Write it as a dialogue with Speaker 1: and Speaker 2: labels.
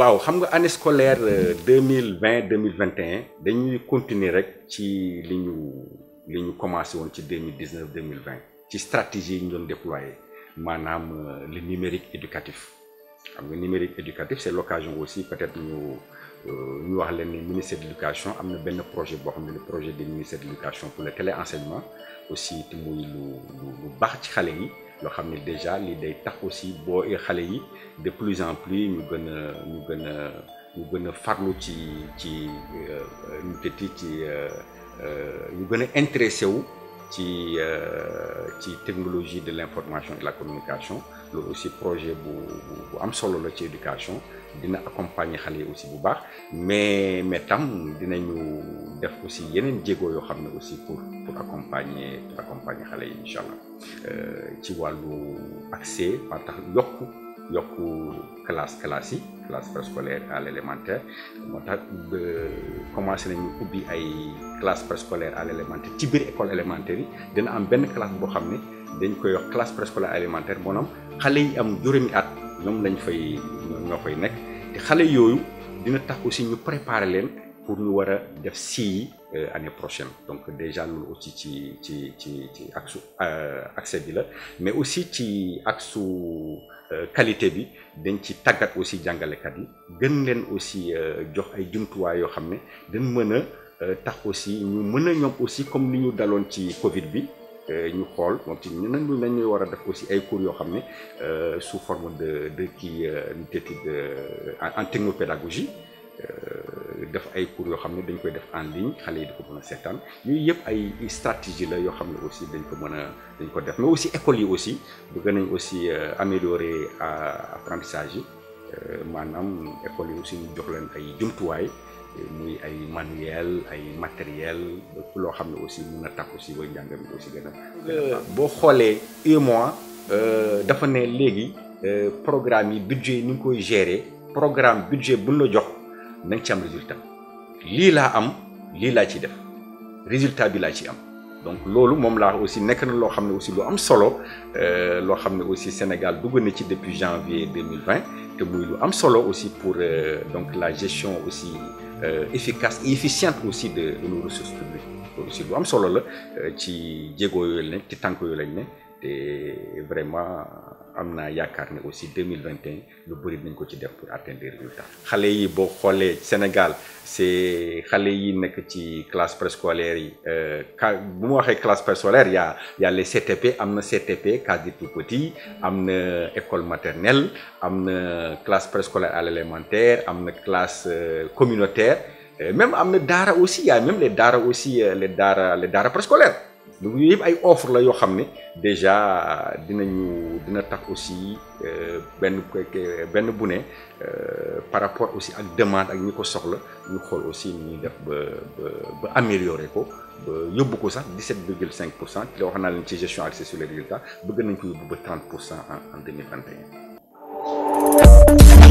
Speaker 1: waaw xam année scolaire 2020-2021, nous à commencer en 2019 dañuy continuer rek ci li ñu commencé stratégie ñu doon déployer euh, le numérique éducatif Le numérique éducatif c'est l'occasion aussi peut-être ñu euh, ñu wax ministère de l'éducation am na benn projet le projet du ministère de l'éducation pour le téléenseignement aussi muy baax ci yoo xam déjà lii day tax aussi beau et yi de plus en plus nous gën nous ñu nous a farlo qui, qui, farlu ci ci euh, ñu tëddi ci euh, euh, intéressé wu ci ci technologie de l'information et de la communication le aussi projet bu am solo la ci éducation dina accompagner xale aussi bu baax mais mais tam dinañu def aussi yeneen jéego yoo xam aussi pour. pour accompagner pour accompagner xale yi incha allah euh, ci wàllu accès maa tax yokk yokk classe classe yi classe préscolaire à l'élémentaire moo tax commencé nañu ubbi ay classe préscolaire à l'élémentaire ci biir école élémentaire yi dina am benn classe boo xam ne dañ koy wax classe préscolaire élémentaire maanaam xale yi am juróomi at ñoom lañ fay ñoo fay nekk te xale yooyu dina tax aussi ñu préparer leen. pour ñu war def si euh, année prochaine donc déjà nous aussi ci ci ci ci aksu euh, accès bi la mais aussi ci aksu euh, qualité bi dañ ci tàggat aussi jàngalekat yi gën len aussi jox ay jumtuwaay yoo xam ne dañ mën a tax aussi ñu mën ñom aussi comme ni ñu dalon ci Covid bi ñu xol moom ci ñu nañu nañuy war a def aussi ay cours yo xamné euh sous forme de de qui nu de en technopédagogie euh def ay cours yoo xam ne dañ koy def en ligne xale yi di ko mën a seetaan yooyu yëpp ay stratégie la yoo xam ne aussi dañ ko mën a dañ ko def mais aussi école yi aussi bëgg nañ aussi euh, améliorer euh, apprentissage yi euh, maanaam école yi aussi ñu jox leen ay jumtuwaay muy ay manuel ay matériel loo xam ne aussi mën na tax aussi ba njàng mi aussi gën a boo xoolee UEMOA dafa ne léegi programme yi budget yi ni ñu koy gérer programme budget buñ la jox nañ ci am résultat li la am li la ci def résultat bi la ci am donc lolu mom la aussi nek na lo xam aussi lu am solo euh lo ne aussi Sénégal dugg na ci depuis janvier 2020 te muy lu am solo aussi pour euh, donc la gestion aussi euh, efficace et efficiente aussi de nos ressources publiques aussi lu am solo la euh, ci jéego yooyu lañ ci tanko yo lañ né te vraiment amna yakarne aussi 2021 le bëri nañ ko ci def pour atteindre des résultats xale yi bo Sénégal c'est xale yi nek ci classe préscolaire yi euh, bu mo waxe classe préscolaire ya ya les CTP amna CTP case des tout petit, amna école maternelle amna classe préscolaire à l'élémentaire amna classe euh, communautaire euh, même amna dara aussi ya même les dara aussi les dara les dara préscolaire donc yooyu yëpp ay offre la yoo xam ne déjà dinañu dina tax aussi euh, benn benn bu ne euh, par rapport aussi ak demande ak ñi ko soxla ñu xool aussi ni ñuy def ba ba améliorer ko ba yóbbu ko sax 17,5% virgule 5 pour cent wax naa leen ci gestion accès sur les résultats bëgg nañ ko yóbbu ba 30 pour cent en en 2021